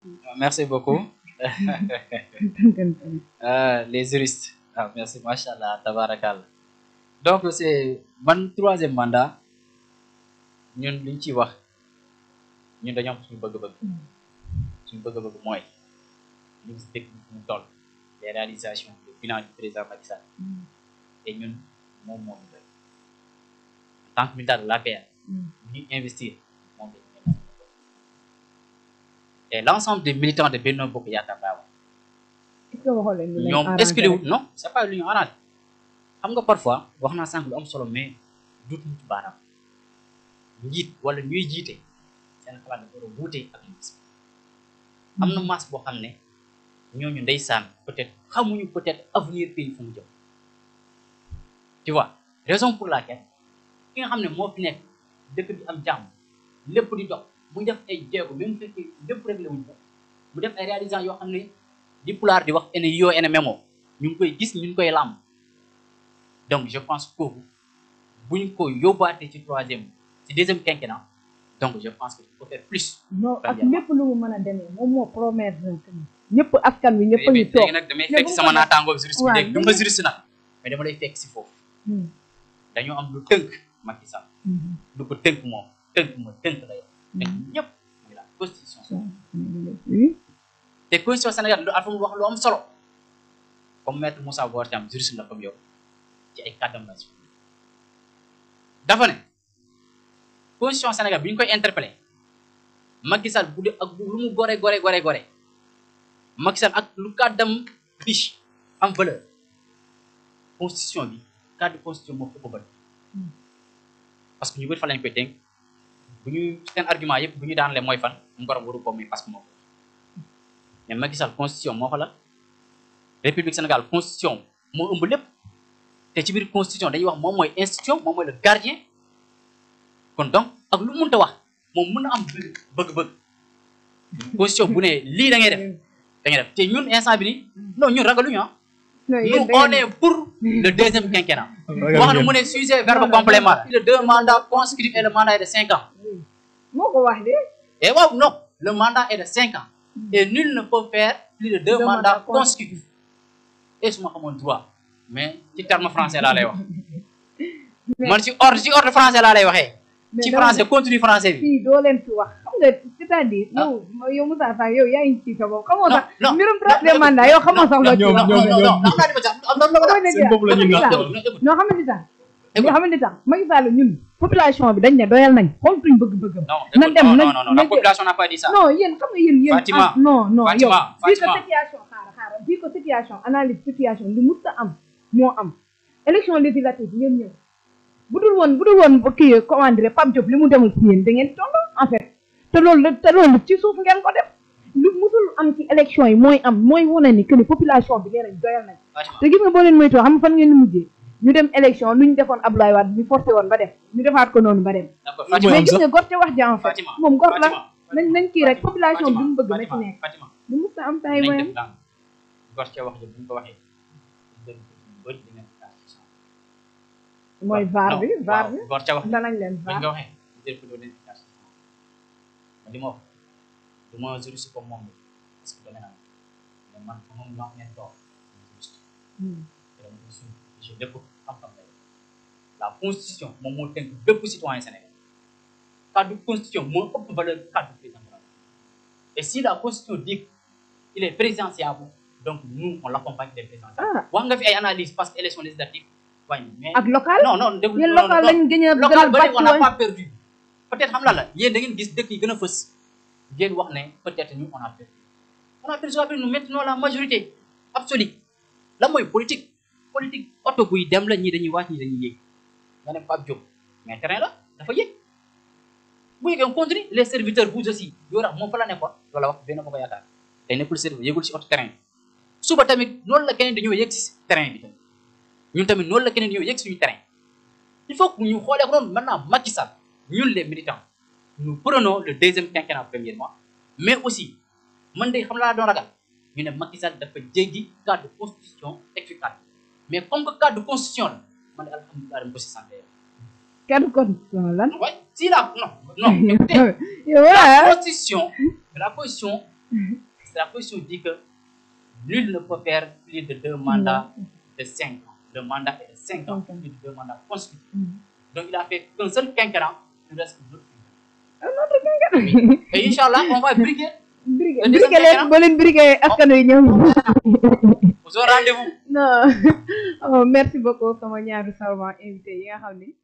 Ah, merci beaucoup. ah, les juristes. Ah, merci, Mashallah, Tabarakal. Donc, c'est mon troisième mandat. Nous, nous, ci wax ñun dañu am suñu bëgg-bëgg suñu bëgg-bëgg mooy li si dëkk mu toll les réalisations le bilan du président Macky mm. te ñun moom moom la en que militaire de l'APR mm. ñu investir et l'ensemble des militants de Benno Bokk Yaakaar laa wax. ñoom exclu non c'est pas lu ñu xam nga parfois wax naa sànq lu am solo mais dut nit baaraam njiit wala ñuy jiite seen xalaat dafa war ak mas am na masse boo xam ne ñooñu day ndeysaan peut-être xamuñu peut-être avenir pays fu mu jëm tu vois raison pour laquelle ki nga xam ne moo fi nekk dëkk am jàmm lépp di dox bu def ay jéego même fekkee lépp réglé wuñ ko mu def ay réalisation yoo xam ne di pulaar di wax ene yoo ene mémo ñu ngi koy gis ñu ngi koy làmm donc je pense bu ñu ko yóbbaatee ci troisième ci deuxième quinquennat donc je pense que il faut plus. non ak ñëpp lu mu mën a demee moom moo promettre ñëpp askan wi ñëpp a ñu toog nag damay fekk sama naataangoo juriste bi dégg du ma juriste nag mais dama lay fekk si foofu. Hmm. dañoo am lu tënk Macky Sall. Hmm. lu ko tënk moom tënk ma tënk la yow. Hmm. ñëpp mooy la te constitution sénégal lu mu wax lu solo comme maître Moussa Bocar Thiam juriste la comme yow ci ay kàddam la dafa ne constitution sénégal bi ñu koy interpellé Macky lu mu gore gore gore gore Macky ak lu kàddam riche am valeur constitution bi cadre constitution moo ko bëri hmm. parce que ñu bëri fa lañ koy dénk ñu ñuy argument yëpp bu ñu daanle mooy fan ngorom waru ko muy parce que moo ko mais Macky constitution moo ko république Sénégal constitution moo ëmb lépp te ci biir constitution dañuy wax moom mooy institution moom mooy le gardien kon donc ak lu mënta wax moom mën na am bëgg-bëgg constitution bu ne lii da ngay def da ngay te ñun instant bi nii non ñun ragaluñu ah. nous on est pour le deuxième quinquennat. wax na mu ne sujet verbe complément le deux mandats consécutifs et le mandat est de cinq ans. moo ko wax et waaw non le mandat est de cinq ans. et nul ne peut faire plus deux mandats consécutifs. et su ma xamoon droit mais ci terme français laa lay wax. man ci ordre ci ordre français laa lay waxee. ci français contenu français bi. fii doo leen fi wax xam nga c'est-à-dire. yow yow Moussa Fall yow yaa ngi ci sa bopp. xamoo sax mbirum trace des mandats yow xamoo sax loo ci wax. non non non ñun population bi dañ ne doyal nañ xoltuñ bëgg-bëggam. na dem na non non la population n'a pas dit ça. non yéen xam nga yéen yéen. Fatima non non yow bii ko situation xaaral xaaral bii ko situation analyse situation li mës am moo am élection législative ngeen ñëw bu dul woon bu dul woon kii commandé Pape Diop li mu demul si yéen da ngeen tolloo en fait te loolu te loolu ci suuf ngeen ko def lu musul am ci élection yi mooy am mooy wane ni que ni population bi nee rek doyal nañ te gis nga boo leen moytoo xam fan ngeen mujjee ñu dem élection lu ñu defoon Abdoulaye Wade ñu forcé woon ba dem ñu defaat ko noonu ba dem mais gis nga gor ca wax ja en fait moom gor la nañ nañ kii rek population bi mu bëgg na ci nekk lu am tay mooy gor ca wax ja bu ñu ko mooy vaar bi vaar bi war ca wax danañ leen vaar nga waxee interpellé notification ma di ma wax du ma juriste comme moom bi parce que dama naan mais man fa moom ñoo ngeen toog juriste dama ko suñ j'ai lépp xam la constitution moom moo tënk bépp citoyen sénégalais cadre constitution moo ëpp valeur cadre de la et si la constitution dit il est présidentiable donc nous on l'accompagne mais ak local non non déglu yéen a local ba n'a pas perdu peut-être la la yéen da ngeen gis dëkk yi gën a fës ngeen wax ne peut-être ñu on a perdu on a perdu après nous maintenant la majorité absolue la mooy politique politique oto buy dem la ñii dañuy wàcc ñii dañuy yéeg nga ne Pape Diop mais terrain la dafa yéeg bu yéegee continue le serviteurs bu aussi yoo tax moom fa la nekkoon loolu la wax benn ko ko yaakaar day nekkul service yéegul si oto terrain suba tamit loolu la keneen dañoo yéeg si bi ñun tamit noonu la keneen ñëw yegg suñu terrain il faut que ñu xoolee ko noonu maintenant Macky Sall ñun les militants nous prenons le deuxième quinquennat premièrement mais aussi man day xam laa doon ñu ne Macky Sall dafa jéggi cadre de constitution teg mais comme que cadre de constitution la man de alhamdulilah dama ko si sant cadre de constitution lan. si la non non écoutez la constitution la position la que nul ne peut plus de deux mandats de cinq le mandat est de ans, okay. il deux mandats consécutifs. Mm. il a fait qu'un seul quinquennat, il reste un autre quinquennat. Un autre quinquennat Et Inch'Allah, on briguer. Briguer, briguer leen ba briguer askan wi ñëw. vous aurez rendez-vous. non oh, sama ñaari savant invité yi nga xam ni.